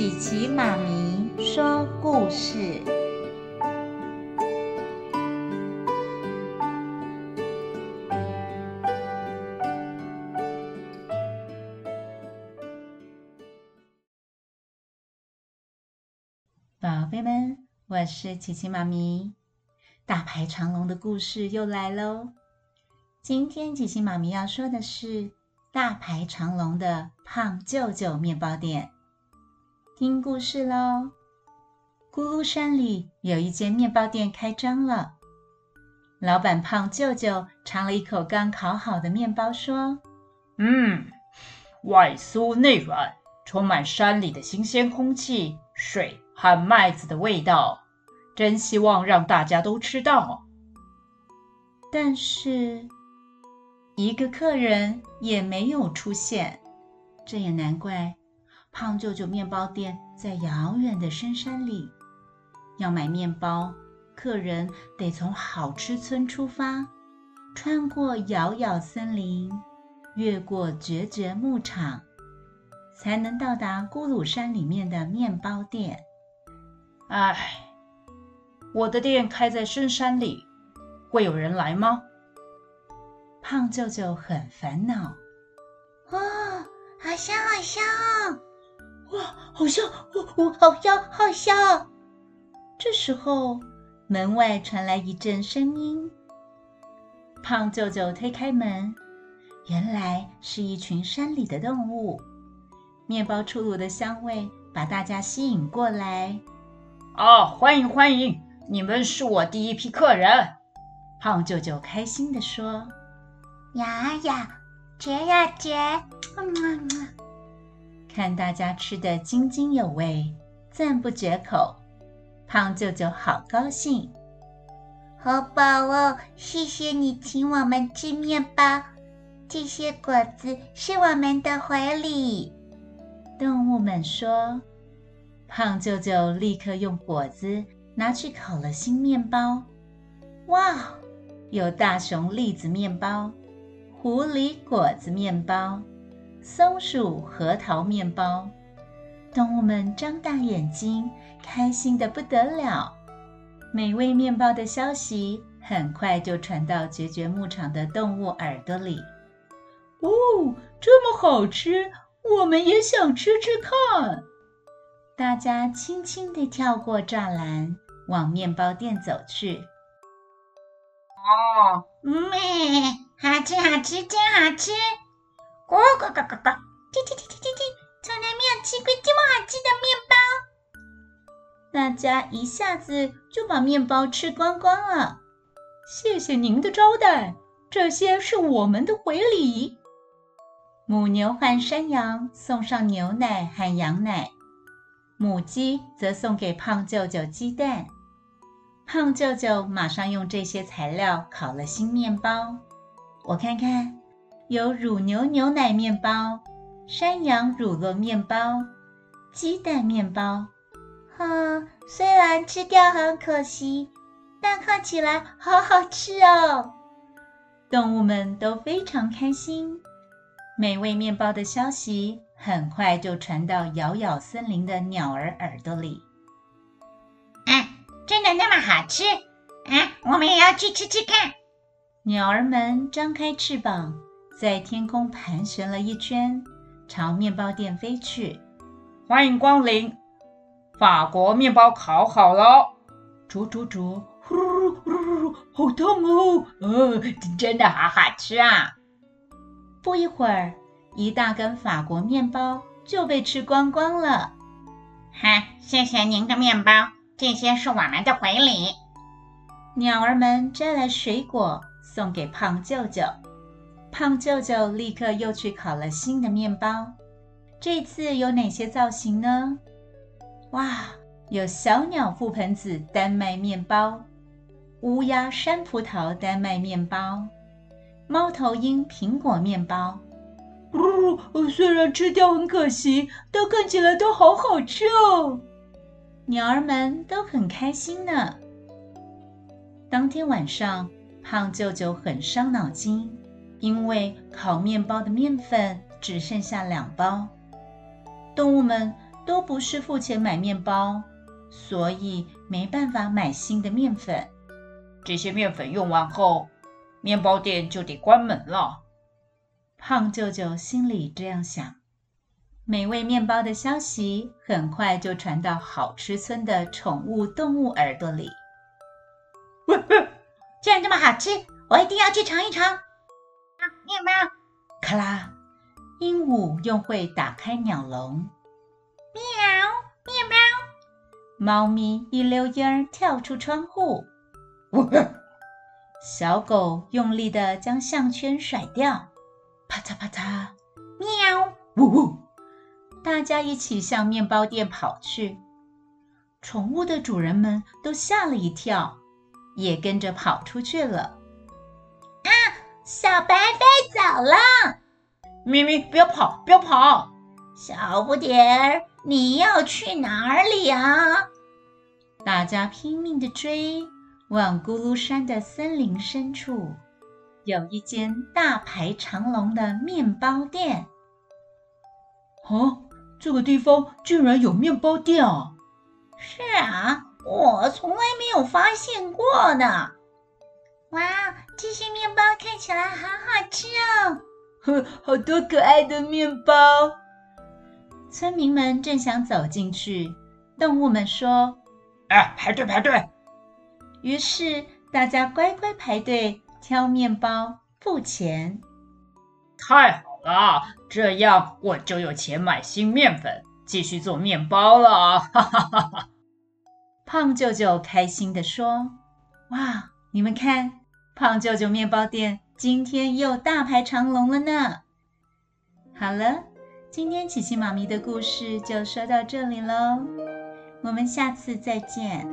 琪琪媽咪說故事，寶貝們，我是琪琪媽咪。大排長龍的故事又來嘍！今天琪琪媽咪要說的是《大排長龍的胖舅舅麵包店》。聽故事嘍！咕嚕山裡有一間麵包店開張了。老闆胖舅舅嘗了一口剛烤好的麵包，說：“嗯，外酥內軟，充滿山裡的新鮮空氣、水和麥子的味道，真希望讓大家都吃到哦。”但是，一個客人也沒有出現。這也難怪。胖舅舅麵包店在遙遠的深山裡，要買麵包，客人得從好吃村出發，穿過遙遙森林，越過絕絕牧場，才能到達咕嚕山裡面的麵包店。唉，我的店開在深山裡，會有人來嗎？胖舅舅很煩惱。哦，好香，好香哦！哇，好香，哦哦，好香好香！這時候，門外傳來一陣聲音。胖舅舅推開門，原來是一群山裡的動物。麵包出爐的香味把大家吸引過來。哦，歡迎歡迎，你們是我第一批客人。胖舅舅開心地說：“呀呀，嚼呀嚼。嗯嗯看大家吃得津津有味，讚不絕口，胖舅舅好高興。好飽哦！謝謝你請我們吃面包，這些果子是我們的回禮。動物們說，胖舅舅立刻用果子拿去烤了新面包。哇，有大熊栗子面包，狐狸果子面包。松鼠核桃麵包，動物們張大眼睛，開心得不得了。美味麵包的消息很快就傳到絕絕牧場的動物耳朵裡。哦，這麼好吃，我們也想吃吃看。大家輕輕地跳過柵欄，往麵包店走去。哦，咩，好吃，好吃，真好吃。哦，呱呱呱呱！嘰嘰嘰嘰嘰嘰！從來沒有吃過這麼好吃的麵包，大家一下子就把麵包吃光光了。謝謝您的招待，這些是我們的回禮。母牛和山羊送上牛奶和羊奶，母雞則送給胖舅舅雞蛋。胖舅舅馬上用這些材料烤了新麵包，我看看。有乳牛牛奶麵包、山羊乳酪麵包、雞蛋麵包。哈、嗯，雖然吃掉很可惜，但看起來好好吃哦。動物們都非常開心。美味麵包的消息很快就傳到遙遙森林的鳥兒耳朵裡。啊、嗯，真的那麼好吃？啊、嗯，我們也要去吃吃看。鳥兒們張開翅膀，在天空盤旋了一圈，朝麵包店飛去。歡迎光臨，法國麵包烤好了，煮煮煮，呼嚕嚕好燙哦！呃、哦，真的好好吃啊！不一會兒，一大根法國麵包就被吃光光了。哈，謝謝您的麵包，這些是我們的回禮。鳥兒們摘來水果送給胖舅舅。胖舅舅立刻又去烤了新的麵包，這次有哪些造型呢？哇，有小鳥覆盆子丹麥麵包、烏鴉山葡萄丹麥麵包、貓頭鷹蘋果麵包。嗚、呃，雖然吃掉很可惜，但看起來都好好吃哦。鳥兒們都很開心呢。當天晚上，胖舅舅很傷腦筋。因為烤麵包的麵粉只剩下兩包，動物們都不是付錢買麵包，所以沒辦法買新的麵粉。這些麵粉用完後，麵包店就得關門了。胖舅舅心裡這樣想。美味麵包的消息很快就傳到好吃村的寵物動物耳朵裡。 既然這麼好吃，我一定要去嘗一嘗。啊、麵包。咔啦！鸚鵡又會打開鳥籠。喵！麵包。貓咪一溜煙兒跳出窗戶。哇小狗用力地將項圈甩掉。啪嚓啪嚓！喵！嗚，嗚，嗚，嗚！大家一起向麵包店跑去。寵物的主人們都嚇了一跳，也跟着跑出去了。小白飛走了，咪咪，不要跑，不要跑！小不點兒，你要去哪裡啊？大家拼命地追，往咕嚕山的森林深處，有一間大排長龍的麵包店。啊、哦，這個地方居然有麵包店啊！是啊，我從來沒有發現過呢。哇！這些麵包看起來好好吃哦！呵，好多可愛的麵包。村民們正想走進去，動物們說：“哎，排隊排隊！”於是大家乖乖排隊挑麵包付、付錢。太好了，這樣我就有錢買新面粉，繼續做麵包了、啊！哈哈哈哈哈！胖舅舅開心地說：“哇，你們看！”胖舅舅麵包店今天又大排長龍了呢。好了，今天琪琪媽咪的故事就說到這裡嘍，我們下次再見。